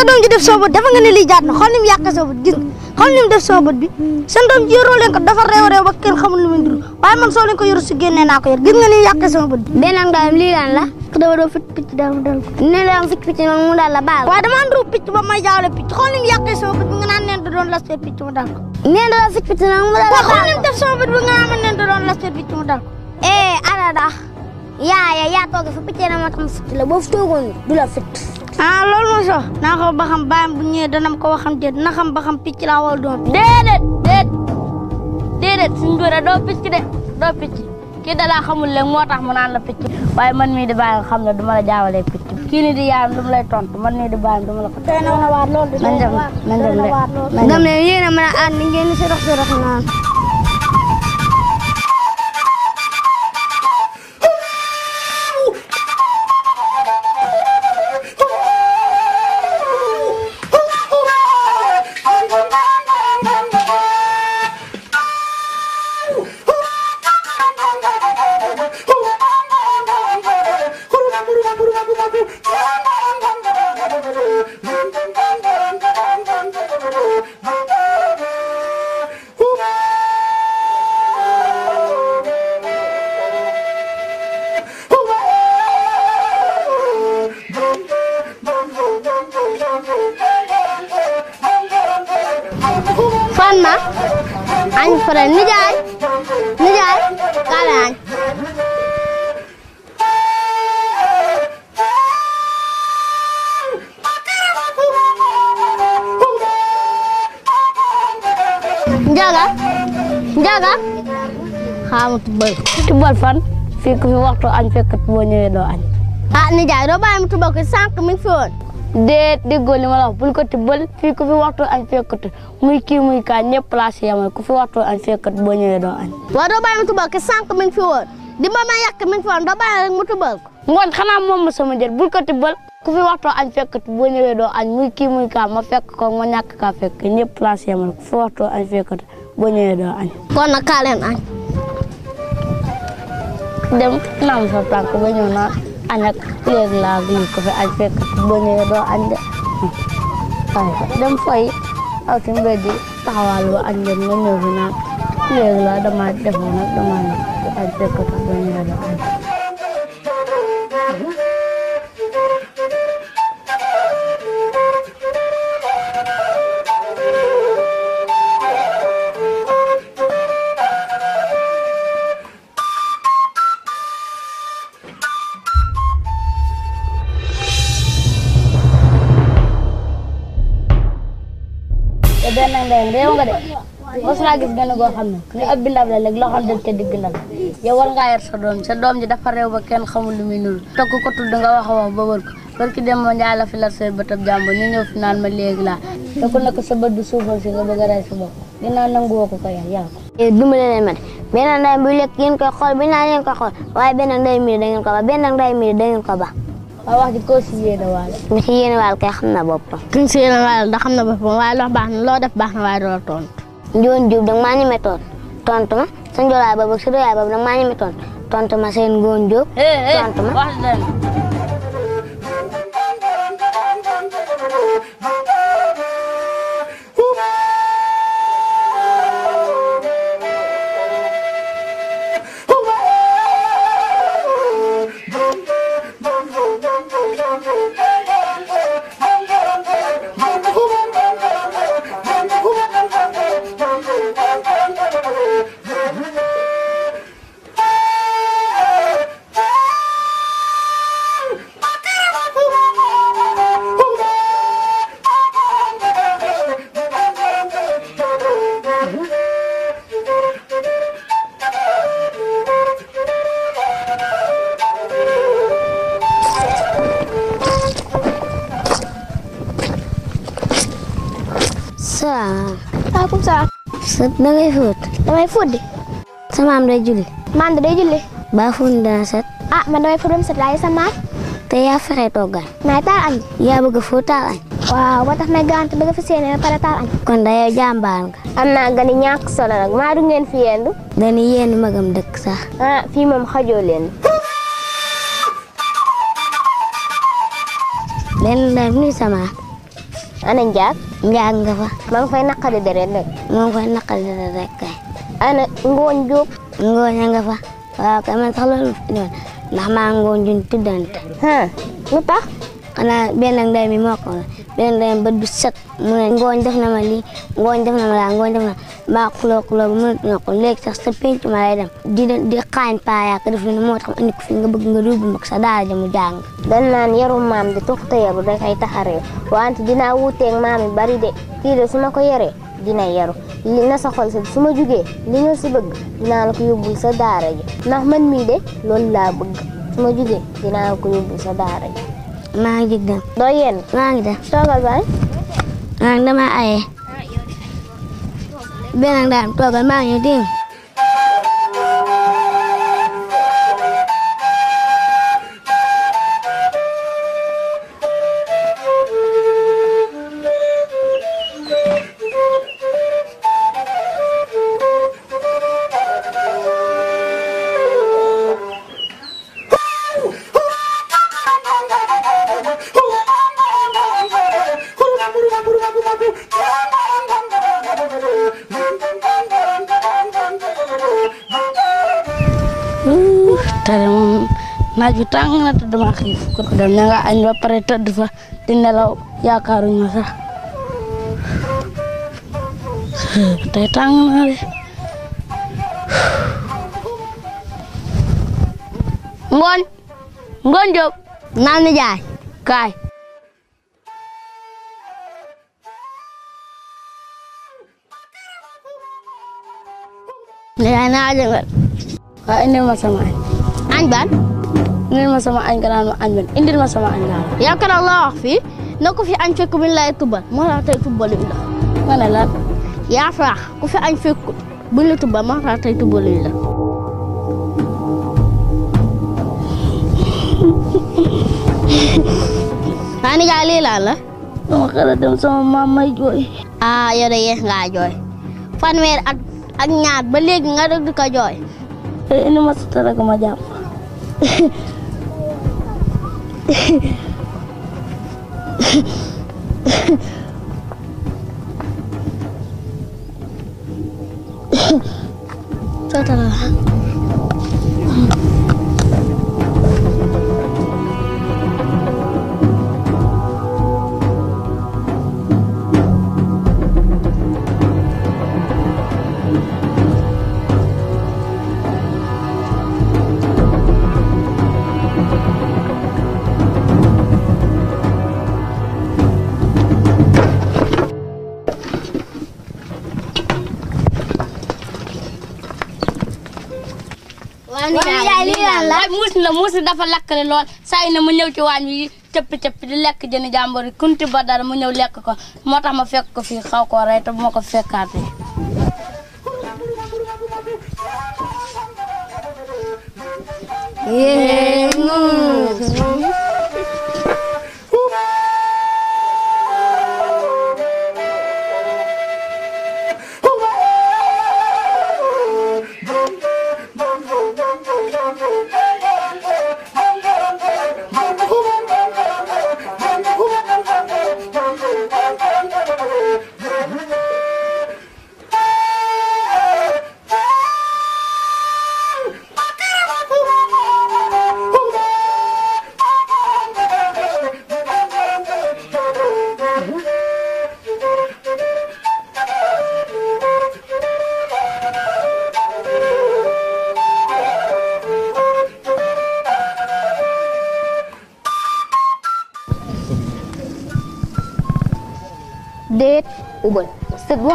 sa doom ji def soo bët dafa nga ne lii jaat na xool ni mu yàq soo bët gis xool ni mu def soo bët bi seen ji yoroo leen ko dafa ba kenn xamul lu muy ndur waaye man soo leen ko nga ni mu yàq soo bët bi beneen ngaayam lii lan la dama doon fit picc dal dal ne la mu daal la baal waaye dama andru picc ba may picc xool ni mu yàqee soo bët bi nga naan neen da doon laspee picc mu dal ko neen da doon fit picc noonu mu daal la xool ni mu def soo bët bi nga naan man neen da doon laspee picc mu dal ko eh ana da yaa na ma ah loolu moom sax naa ko ba bu ñëwee dana ko waxam déet na xam ba xam picc laa wala doon picc. déedéet déet déedéet suñu góor doo picc de doo picc kii da xamul léegi moo tax mu naan la picc waaye man mii di bàyyi xam ne du ma la jaawalee picc kii nii di yaayam du lay tontu man mii di bàyyam du la ko. tey na de. man dem man dem de. man dem a mën a ànd naan. lan ma añ pare nijaay nijaay kaale añ njaga njaga xaamu tubal tubal fan fii ku fi waxtu añ fekk boo ñëwee doo añ ah nijaay doo bàyyi mu tubal ko sànq mi déet déggoo li ma bul ko tibbal fii ku fi waxtu añ fekkat muy kii muy kaa ñëpp place yamal ku fi waxtu añ fekkat boo ñëwee doo añ. waaw doo bàyyi mu tubal ko sànq fi woon di ma ma yàq mi fi woon doo bàyyi rek mu tubal moom ma sama jël bul ko tibbal ku fi waxtu añ fekkat boo ñëwee doo añ muy kii muy kaa ma fekk ko ma ñàkk kaa fekk ñëpp place yamal ku fi waxtu añ fekkat boo ñëwee doo añ. kon nag kaa añ. dem naam sa tànk ba ñëw naa. añ ak léegi laa lii ko fekk boo ñëwee doo añ de dem fay aw ci mbedd yi taxawaal ba añ naan léegi laa dama defoon dama añ fekk boo ñëwee doo añ benn ndeyam réew nga de mos naa gis gën goo xam ne ni ab bindab la léegi loo xam ne te la yow war yar sa doom sa doom ji dafa réew ba ken xamul lu muy nuru te ko tudd nga wax a wax ba wër ko barki dem ma njaay la fi la seen bëtab jàmbur ñu ñëw fi naan ma léegi laa te ku nekk sa bët du suufal si nga bëgg a rey sa bopp dinaa nanguwoo ko ko yar yàlla ko eh, dimbale de benn ndey bu lekk ngeen koy ba waaw wax ji koo si yéene waale. nga si yéene waale kay xam na boppam. ki nga si yéene waale ndax xam na boppam waaye loo baax na loo def baax na waaye doo la tontu. Njoon Diop danga maa ñeme tontu tontu ma sa njoolaay boobu ak sa doyaay boobu danga maa ñeme tontu tontu ma seen Ngoon Diop. Eh, eh, tontu ma wax dëgg sa da ngay fóot. damay fóot di. sa maam day julli. maam julli. baa fóon dana set. ah man damay fóot ba mu set waaye sa te yaa fexe toggal. may taal añ. yaa bëgg fóot taal añ. waaw moo tax may gàncax bëgg fa séenee ba pare taal añ. kon da yow jàmbaar nga. am naa gani ñàkk solo nag maa du ngeen fi yendu. dañuy yendu magam dëkk sax. Ah, fii moom xajoo leen. lenn la nuyu sama ana njaag njaag nga fa maa ngi fay naqari deret rek maa ngi fay naqari deret rek kay ana ngooñ jóob ngooñ a nga fa waaw kay man sax loolu doon ndax maa ngooñ juñ tuddante lu tax xanaa benn nday mi moo ko beneen beneen ba du set mu ne ngooñ def na ma lii ngooñ def na ma laa ngooñ def na maa xuloo xuloo ba mënatu nga ko léegi sa penc ma lay dem di di xaañ paa yaa ko def na moo tax nga bëgg nga yóbbu ma ko sax mu jàng dañ naan yarum maam de tuxta yaru da kay taxaree wante dinaa wuuteeg maam yi bari de kii su ma ko yoree dina yaru li na sa xol sa su ma jugee li nga si bëgg dinaa la ko sa daara ji man mii de loolu laa bëgg su ma jugee dinaa la sa daara maa ngi jig dem. doo yéen maa ngi dem. toogal baay. maa ngi dama toogal maa ngi dégg. tàng na te dama xiif kon dem añ ba pare tëdd fa di nelaw yaakaaruñ ma sax tey tàng na de ngoon ngoon Jóob naan jaay kaay na naa jëngal waa indi ma sama añ ban indil ma sama añ nga naan ma añ benn indil ma sama añ nga naan yaakaar naa laa na ko fi añ fekk bi lay tubal moo tax tey tubal la ma ne yaa faax ku fi añ fekk buñ la tubal moo tax tey tubal la maa ni lii laa la dama xala dem sama maam may jooy ah yow yeex ngaa jooy fanweer at ak ñaar ba léegi nga dëgg ko jooy ini ma sutara ko ma jàpp 这咋了？yaay lii lan la muus la dafa lakkale lool saa na ne mu ñëw ci waañ wi cëpp cëpp di lekk jën jàmbur yi kunti ba dara mu ñëw lekk ko moo tax ma fekk ko fii xaw koo rey te ko fekkaatee. yéen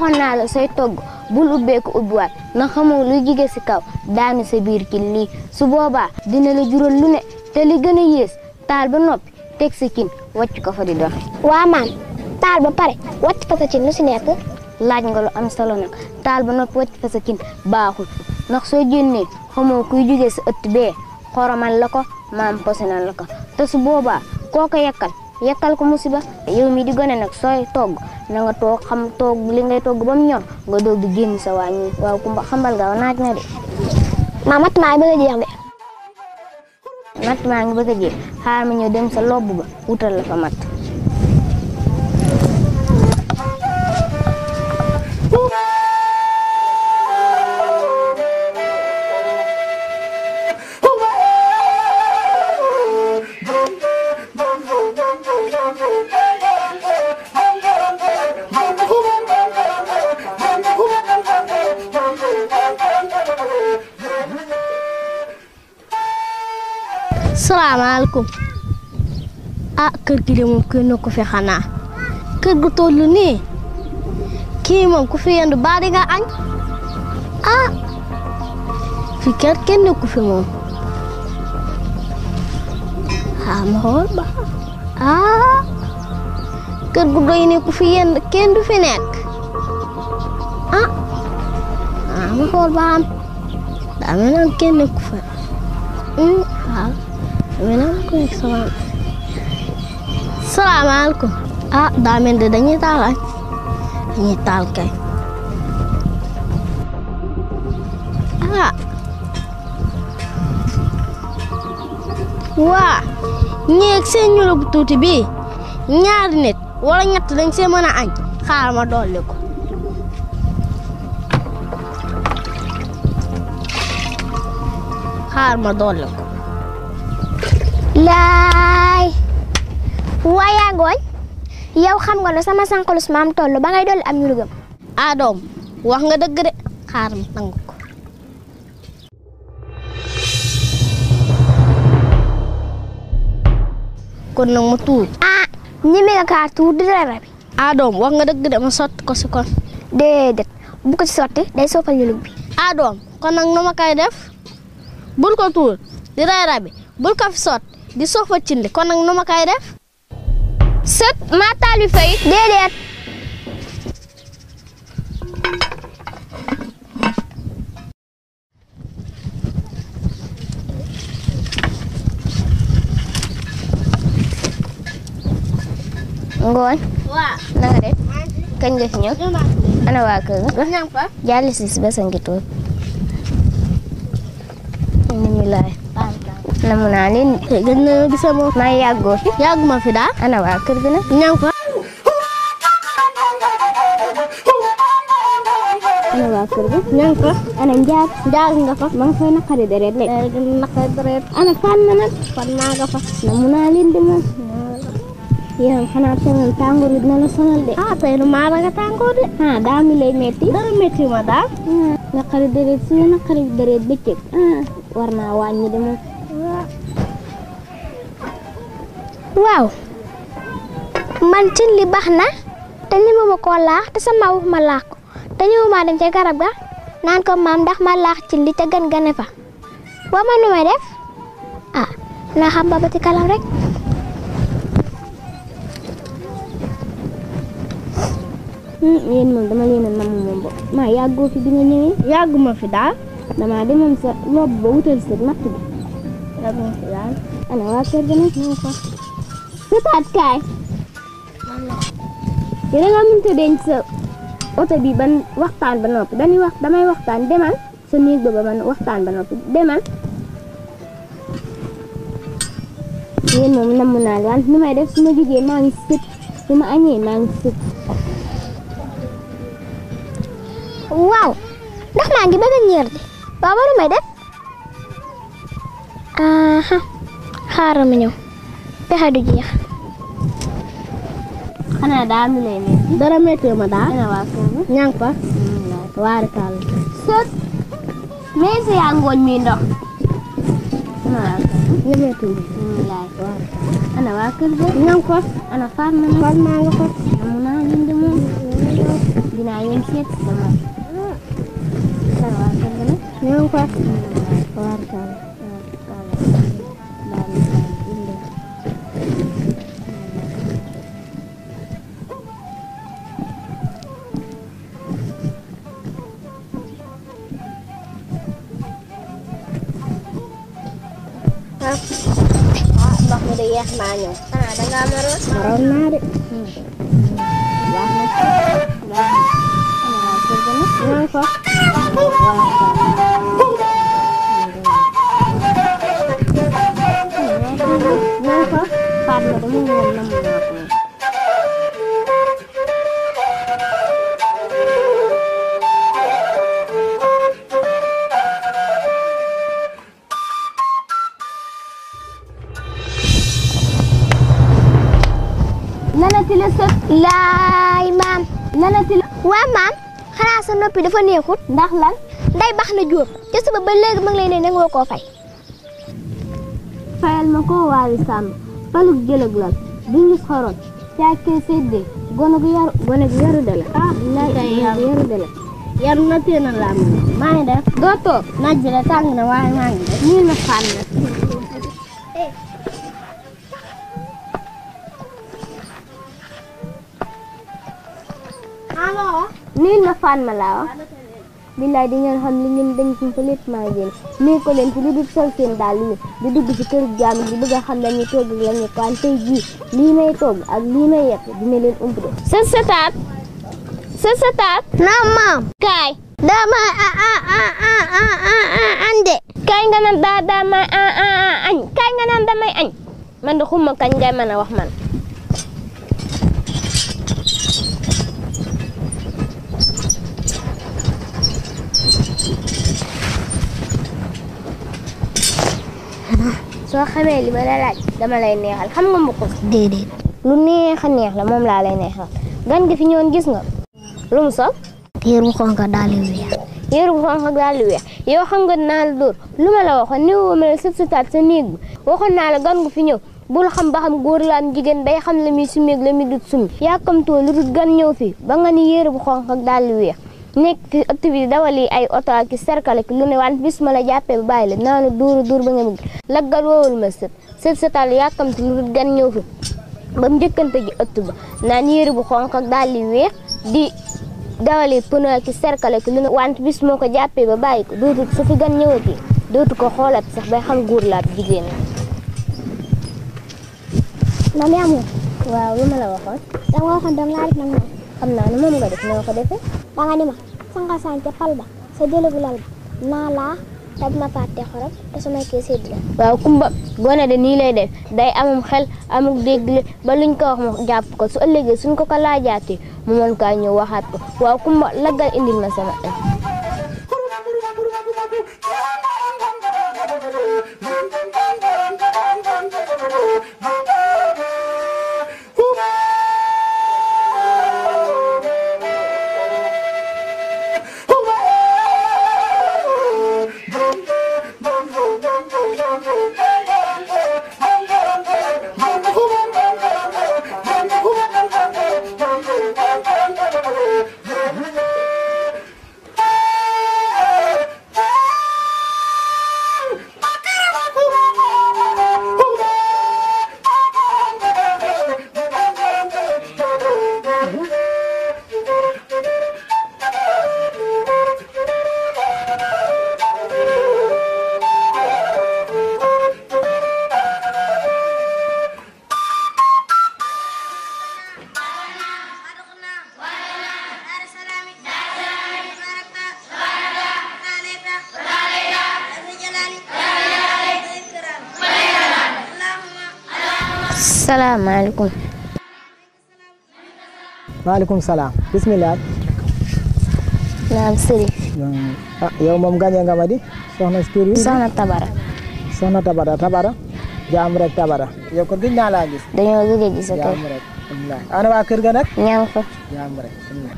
waxoon la say togg bul ubbeeku ubbiwaat na xamoo luy jige ci kaw daanu sa biir kin lii su boobaa dina la jural lu ne te li gën a yées taal ba noppi teg sa cin wàcc ko fa di dox waa maam taal ba pare wàcc fa sa cin lu si nekk laaj nga lu am solo nag taal ba noppi wàcc fa sa cin baaxul ndax soo génnee xamoo kuy jige si ëtt bee xoromal la ko maam posinal la ko te su boobaa koo ko yekkal yekkal ko musiba yow mi di gone nag sooy togg na toog xam toog li ngay togg ba mu ñor nga doog di génn sa waañ yi waaw kumba xambal gaaw naaj na de maa matt maa ngi bëgg a jeex de matt maa ngi bëgg jeex xaar ma ñëw dem sa lobb ba wutal la fa matt asalaamaaleykum ah kër gi moom kenn na ko fi xanaa kër gu toll nii kii moom ku fi yendu baa di añ ah fi kër kenn na moom ah ma ba ah kër gu doy ne ku yendu kenn fi nekk ah ah ma xool ba am daa mel ne kenn salaamaaleykum ah daa mel ni dañuy taal añ dañuy kay ah waa ñeeg seen ñu la bu tuuti bii ñaari nit wala ñett dañ see mën a añ xaar ma dolli ko xaar ma dolli ko laay waaye ngooñ yow xam nga ne sama sànqalus maam toll ba ngay dolli am ñu lu gëm wax nga dëgg de xaar ma nangu ko kon nag mu tuut ah ñeme nga kaa tuut di dara bi ah wax nga dëgg de ma sotti ko si kon déedéet bu ko day soppal ñu lug bi ah kon nag nu ma def bul ko tuur di ray rabi bul fi sotti di sofa cindi kon nag nu ma koy def sët maa taali fayit déedéet Ngooñ. waaw na kañ la fi ñëw. ana waa kër ga. jàll si bés a ngi toog. alhamdulilah. namu naa leen gën na gisama maa yàggoo fi yàgguma fi daal ana waa kër gi nag ko ana waa kër gi ña ko ana njaag njaag nga fa ma nga fay naqari deret léegi ana fan na fan maa nga fa namu naa di man yéen xanaa tamit tàngoor bi la sonal de. ah tey maa ragal tàngoor de. ah dara métti ma daal. naqari deret suñu naqari deret bëccëg. war naa wàññi de moom. waaw man cin li baax na te ñeme ma koo laax te sama wax ma laax ko te ñëwuma dem ca garab ga naan ko maam ndax ma laax cin li te gën gane fa boo ma nu may def ah naa xam ba ba ci kanam rek. Hmm, yéen moom dama leen a namm moom maa yàggoo fi bi nga yàgguma fi daal damaa demoon sa lob ba wutal sa matt bi yàgguma fi daal ana waa kër ga nag ñu fa Sëtaat kaay yow da nga mënta denc sa oto bi ban waxtaan ba noppi dañuy wax damay waxtaan demal sa néeg ba ban waxtaan ba noppi demal yéen moom namm naa daal ni may def su ma maa ngi sët su añee maa ngi sët waaw ndax maa ngi bëgg a ñeer di waaw waru may def aha xaaral ñëw pexe du jeex. xanaa daa ana waa kër. ña méttee ma. ana waa kër ga. ña nga fa. ana faat na ma. faat naa nga fa. amu naa lim de moom. dinaa yem seet sama. ah waaw ndox mi de yeex naa ñëw. xanaa da ngaa maroon. maroon naa de. baax na baax na. waaw sa noppi dafa neexut ndax lan nday baax na jóob ca suba ba léegi ma ngi lay ne nangoo koo fay fayal ma koo waawi sàmm palug jëlëg lan du ngis xorom càkkee séddee gone gone gu yaru de la ah yaru na tee na laa mën maa ngi def na waaye maa ngi def nii na nuyul ma faan ma laa wax billaay di ngeen xam li ngeen dañ suñ ko lépp maa génn nuyu ko leen ci lu dul sol seen daal yi di dugg ci kër jaam di bëgg a xam lañuy togg ak ko am tey jii lii may togg ak lii may yekk dina leen umb de sët sa taat sët sa taat naam maam kaay daa ma ande kaay nga naan daa daa ma añ kaay nga naan damay añ man de xuma kañ ngay mën a wax man soo xamee li ma dama lay neexal xam nga mbuqus déedéet lu neex a neex la moom laa lay neexal gan gi fi ñëwoon gis nga lu mu sol yéer bu xonk daal di weex yéer bu xonk daal di weex yow xam nga naa la dóor lu ma la waxoon ni ma la sëb sëtaat sa néeg bi waxoon naa la gan gu fi ñëw bul xam ba xam góor la am jigéen day xam la muy summeeg la mi dut summi yàkkamtoo lu gan ñëw fii ba nga ni yéer bu xonk daal di weex nekk ci ëtt bi dawali ay oto ak serkale ki lu ne waan bis ma la jàppee ba bàyyi la naanu duuru duur ba nga bëgg laggal woowul ma sët sët sëtal yàkkamti lu dul gan ñëw fi ba mu njëkkante ji ëtt ba naan yére bu xonq ak daal di weex di dawali pneu ak serkale ki lu ne want bis moo ko jàppee ba bàyyi ko dootu su fi gan ñëwati dootu ko xoolaat sax bay xam góor laab jigéen la. maam yaa waaw lu ma la waxoon. dama waxoon dama laa def xam naa ne moom nga def noo ko defee da ma sanga saan pal ba sa jëlagu lal ba naa laa dab ma fàtte xorom te su ma kii sédd la waaw kumba gone de nii lay def day amum xel amuk dégle ba luñ ko wax mu jàpp ko su ëllëgee suñ ko ko laajaatee mu mën kaa ñëw waxaat ko waaw kumba laggal indil ma sama maalekum maaleykum salaam. bisimilah. naam Serigne. ah yow moom gañe nga ma di. soxna si soxna Tabara. soxna Tabara Tabara. jaam rek Tabara. yow ko gis naa dañoo gëj a gis. ana waa kër ga nag. ña nga fa.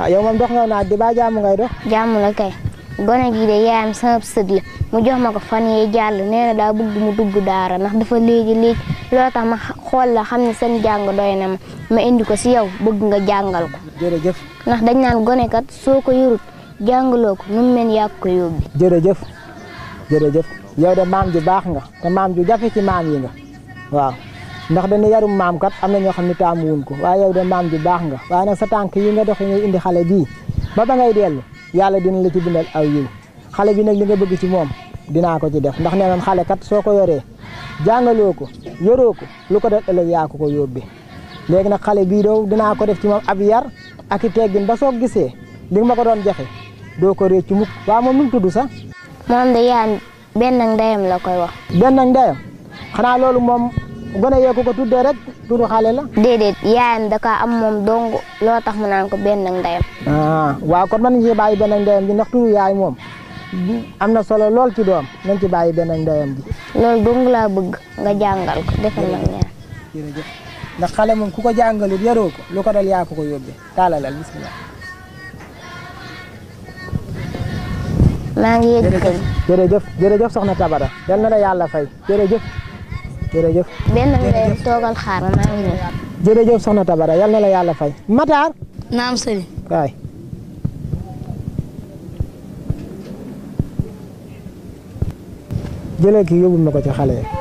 Ah, moom dox nga naa di ba jaamu ngay dox. jaamu la kay. gone gi de yaayam sama sët la mu jox ma ko fan yee jàll nee na daa mu dugg daara ndax dafa léegi léegi loo ma xool la xam ne seen jàng doy na ma indi ko si yow bëgg nga jàngal ko. jërëjëf. ndax dañ naan gone kat soo ko yorut jàngaloo ko nu mu mel yaa ko yóbbi. jërëjëf jërëjëf yow de maam ju baax nga te maam ju jafe ci maam yi nga waaw ndax dañ ne yarum maam kat am na ñoo xam ne taamu wuñ ko waaye yow de maam ju baax nga waaye nag sa tànk yi nga dox indi xale bii ba ba ngay dellu. yàlla dina la ci bindal aw yiw xale bi nag li nga bëgg ci moom dinaa ko ci def ndax nee xale kat soo ko yoree jàngaloo ko yoroo ko lu ko def ëllëg yaa ko ko yóbbee léegi nag xale bii doo dinaa ko def ci moom ab yar ak i teggin ba soo gisee li ma ko doon jafe doo ko ci mukk waaw moom nu mu tudd sax. moom de yaan benn ndeyam la koy wax. benn ndeyam xanaa loolu moom gone yee ko tuddee rek turu xale la. déedéet yaayam da kaa am moom dong loo tax mu naan ko benn ndeyam. Ah, waaw kon mën nañu ci bàyyi benn ndeyam bi ndax turu yaay moom am na solo lool ci doom nañ ci bàyyi benn ndeyam bi. loolu dong laa bëgg nga jàngal ko defal ma ñaan. jërëjëf ndax xale moom ku ko jàngalut yaroo ko lu ko dal yaa ko ko yóbbee taalalal bisimilah. ngi yëg jërëjëf jërëjëf na la yàlla fay jërëjëf. jërëjëf. benn bi lay xaar ma ngi ñëw. jërëjëf soxna Tabara yal na la yàlla fay. Matar. naam sëriñ. waay. jëlee kii yóbbu ma ko ci xale yi.